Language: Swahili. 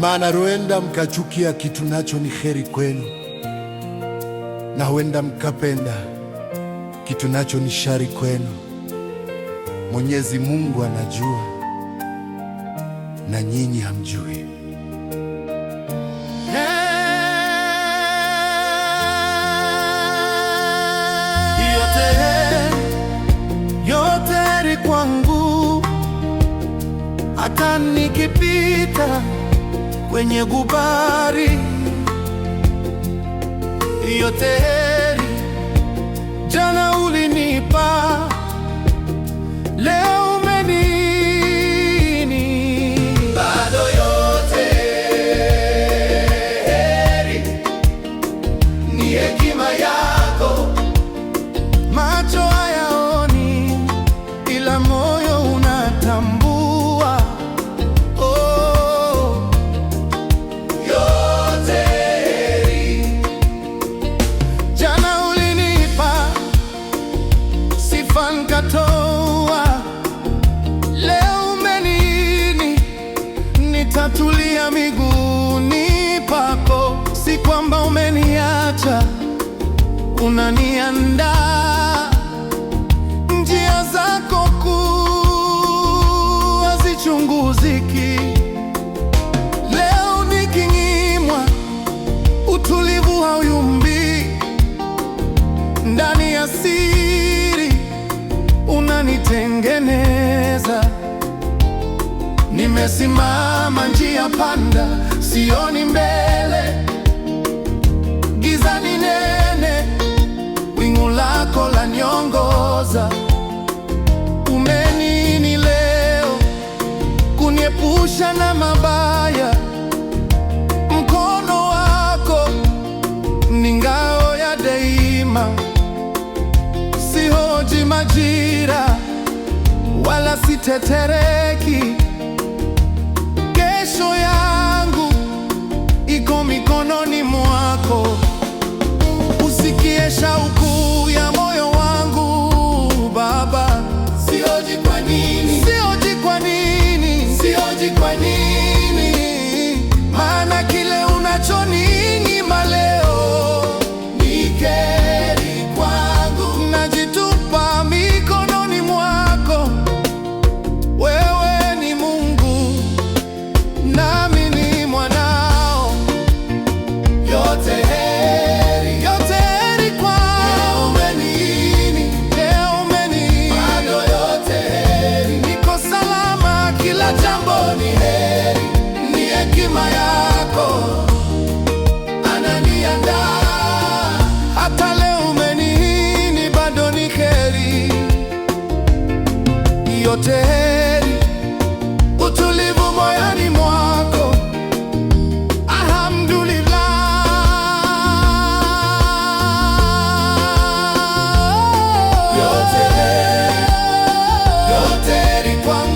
Maana huenda mkachukia kitu nacho ni heri kwenu, na huenda mkapenda kitu nacho ni shari kwenu. Mwenyezi Mungu anajua na nyinyi hamjui. hata nikipita kwenye gubari yote unanita, unaniandaa. Njia zako kuu hazichunguziki. Leo nikinyimwa utulivu, hauyumbi ndani ya siri, unanitengeneza. Nimesimama njia panda, sioni mbele sasa ni nene, wingu lako laniongoza. Umenini leo kuniepusha na mabaya, mkono wako ni ngao ya daima. Sihoji majira wala sitetereki, kesho yangu iko yote heri, utulivu moyoni mwako, alhamdulillah. Yote heri, yote heri kwangu